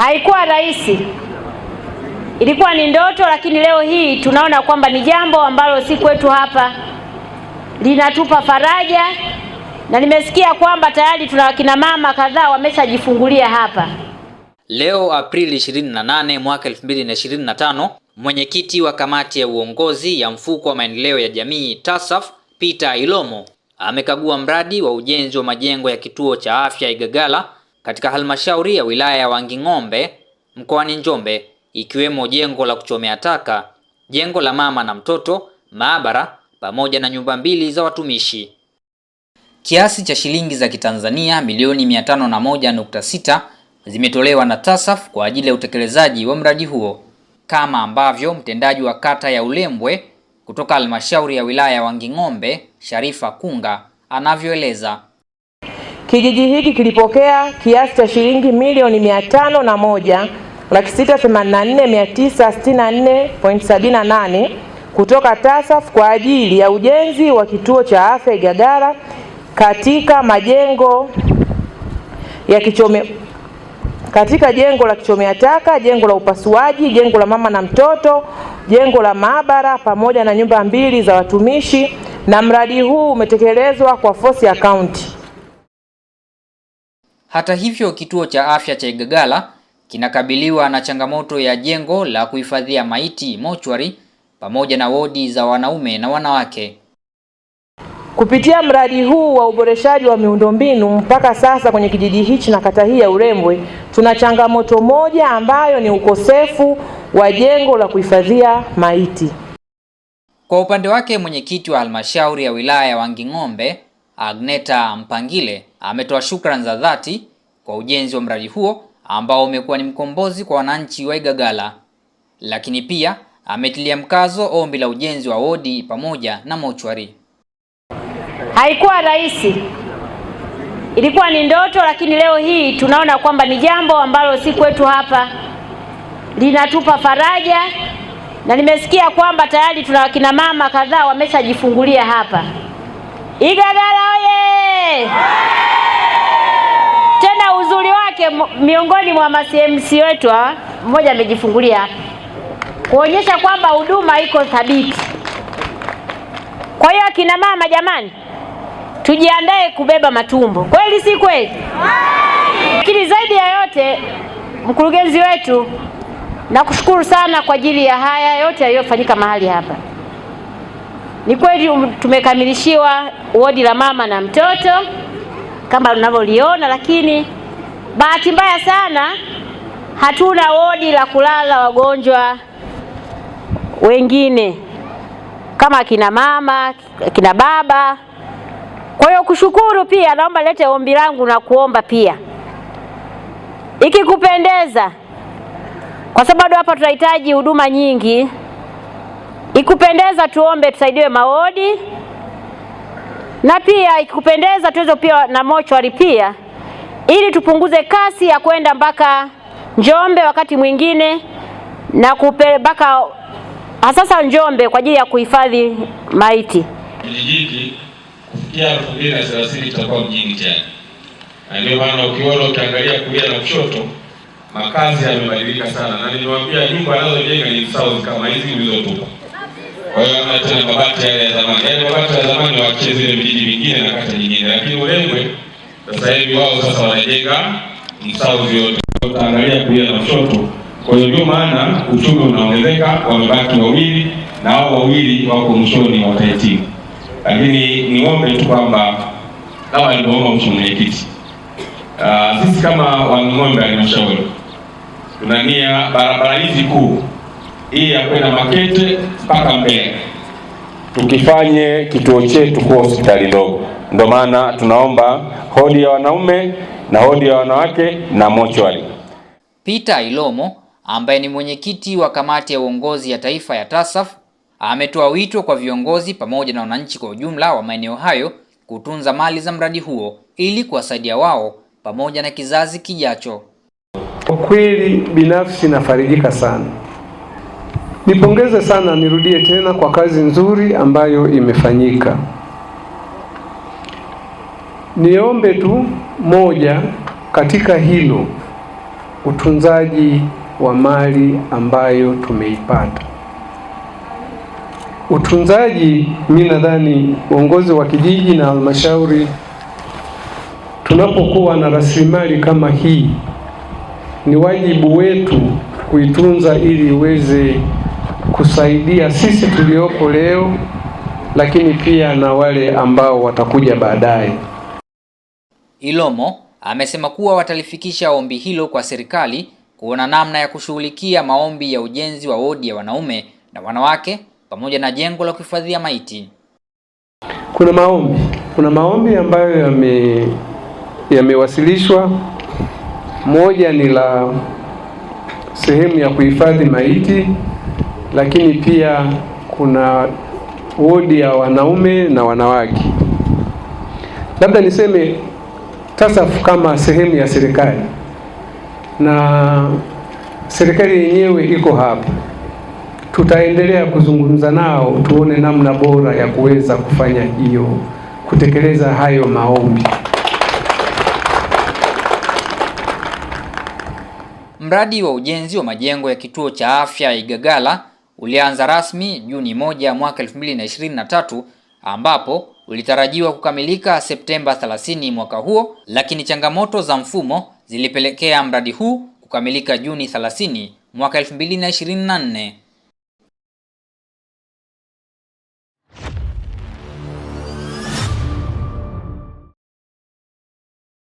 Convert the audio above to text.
Haikuwa rahisi, ilikuwa ni ndoto, lakini leo hii tunaona kwamba ni jambo ambalo si kwetu hapa linatupa faraja, na nimesikia kwamba tayari tuna kina mama kadhaa wameshajifungulia hapa. Leo Aprili 28 mwaka 2025, mwenyekiti wa kamati ya uongozi ya mfuko wa maendeleo ya jamii TASAF Peter Ilomo amekagua mradi wa ujenzi wa majengo ya kituo cha afya Igagala katika halmashauri ya wilaya ya Wanging'ombe mkoani Njombe, ikiwemo jengo la kuchomea taka, jengo la mama na mtoto, maabara pamoja na nyumba mbili za watumishi. Kiasi cha shilingi za Kitanzania milioni 501.6 zimetolewa na TASAF kwa ajili ya utekelezaji wa mradi huo, kama ambavyo mtendaji wa kata ya Ulembwe kutoka halmashauri ya wilaya ya Wanging'ombe, Sharifa Kunga, anavyoeleza. Kijiji hiki kilipokea kiasi cha shilingi milioni mia tano na moja laki sita themanini na nne mia tisa sitini na nne pointi sabini na nane kutoka TASAF kwa ajili ya ujenzi wa kituo cha afya Igagala katika majengo ya kichome katika jengo la kichomea taka, jengo la upasuaji, jengo la mama na mtoto, jengo la maabara pamoja na nyumba mbili za watumishi, na mradi huu umetekelezwa kwa force account. Hata hivyo, kituo cha afya cha Igagala kinakabiliwa na changamoto ya jengo la kuhifadhia maiti mochwari, pamoja na wodi za wanaume na wanawake. Kupitia mradi huu wa uboreshaji wa miundombinu mpaka sasa kwenye kijiji hichi na kata hii ya Urembwe, tuna changamoto moja ambayo ni ukosefu wa jengo la kuhifadhia maiti. Kwa upande wake, mwenyekiti wa halmashauri ya wilaya ya Wanging'ombe Agneta Mpangile ametoa shukrani za dhati kwa ujenzi wa mradi huo ambao umekuwa ni mkombozi kwa wananchi wa Igagala, lakini pia ametilia mkazo ombi la ujenzi wa wodi pamoja na mochwari. Haikuwa rahisi, ilikuwa ni ndoto, lakini leo hii tunaona kwamba ni jambo ambalo si kwetu hapa, linatupa faraja, na nimesikia kwamba tayari tuna kina mama kadhaa wameshajifungulia hapa Igagala oye! miongoni mwa ma-CMC wetu mmoja amejifungulia kuonyesha kwamba huduma iko thabiti. Kwa hiyo akina mama, jamani, tujiandae kubeba matumbo, kweli si kweli? Lakini zaidi ya yote, mkurugenzi wetu, nakushukuru sana kwa ajili ya haya yote yaliyofanyika mahali hapa. Ni kweli um, tumekamilishiwa wodi la mama na mtoto kama unavyoliona, lakini Bahati mbaya sana hatuna wodi la kulala wagonjwa wengine kama akina mama, akina baba. Kwa hiyo kushukuru pia, naomba lete ombi langu na kuomba pia, ikikupendeza, kwa sababu hapa tunahitaji huduma nyingi, ikupendeza, tuombe tusaidiwe mawodi, na pia ikikupendeza, tuweze pia na mochwari pia ili tupunguze kasi ya kwenda mpaka Njombe wakati mwingine na kupeleka hasasa Njombe kwa ajili ya kuhifadhi maiti. Kijiji kufikia 2030 tutakuwa mjini tena, na ndio maana ukiona, ukiangalia kulia na kushoto, makazi yamebadilika sana, na niliwaambia nyumba anazojenga ni sawa kama hizi ulizotupa. Kwa hiyo hamna tena mabati yale ya zamani, yale yaani mabati ya zamani wachezile vijiji vingine na kata nyingine, lakini Ulengwe sasa hivi wao sasa wanajenga msau yote, tutaangalia kulia na kushoto. Kwa hiyo ndio maana uchumi unaongezeka, wamebaki wawili na hao wawili wako mwishoni watahitimu. Lakini niombe tu kwamba kama alivyoomba mheshimiwa mwenyekiti, ah, sisi kama Wanging'ombe halmashauri tuna nia barabara hizi kuu hii ya kwenda Makete mpaka Mbeya tukifanye kituo chetu kuwa hospitali ndogo. Ndio maana tunaomba hodi ya wanaume na hodi ya wanawake na mochwari. Peter Ilomo ambaye ni mwenyekiti wa kamati ya uongozi ya taifa ya TASAF ametoa wito kwa viongozi pamoja na wananchi kwa ujumla wa maeneo hayo kutunza mali za mradi huo ili kuwasaidia wao pamoja na kizazi kijacho. Kwa kweli binafsi nafarijika sana, nipongeze sana, nirudie tena kwa kazi nzuri ambayo imefanyika. Niombe tu moja katika hilo, utunzaji wa mali ambayo tumeipata. Utunzaji, mimi nadhani uongozi wa kijiji na halmashauri, tunapokuwa na rasilimali kama hii, ni wajibu wetu kuitunza ili iweze kusaidia sisi tuliopo leo, lakini pia na wale ambao watakuja baadaye. Ilomo amesema kuwa watalifikisha ombi hilo kwa serikali kuona namna ya kushughulikia maombi ya ujenzi wa wodi ya wanaume na wanawake pamoja na jengo la kuhifadhia maiti. Kuna maombi kuna maombi ambayo yame yamewasilishwa. Moja ni la sehemu ya kuhifadhi maiti, lakini pia kuna wodi ya wanaume na wanawake. Labda niseme TASAF kama sehemu ya serikali na serikali yenyewe iko hapa, tutaendelea kuzungumza nao, tuone namna bora ya kuweza kufanya hiyo kutekeleza hayo maombi. Mradi wa ujenzi wa majengo ya kituo cha afya Igagala ulianza rasmi Juni moja mwaka 2023 ambapo ulitarajiwa kukamilika Septemba 30 mwaka huo, lakini changamoto za mfumo zilipelekea mradi huu kukamilika Juni 30 mwaka 2024.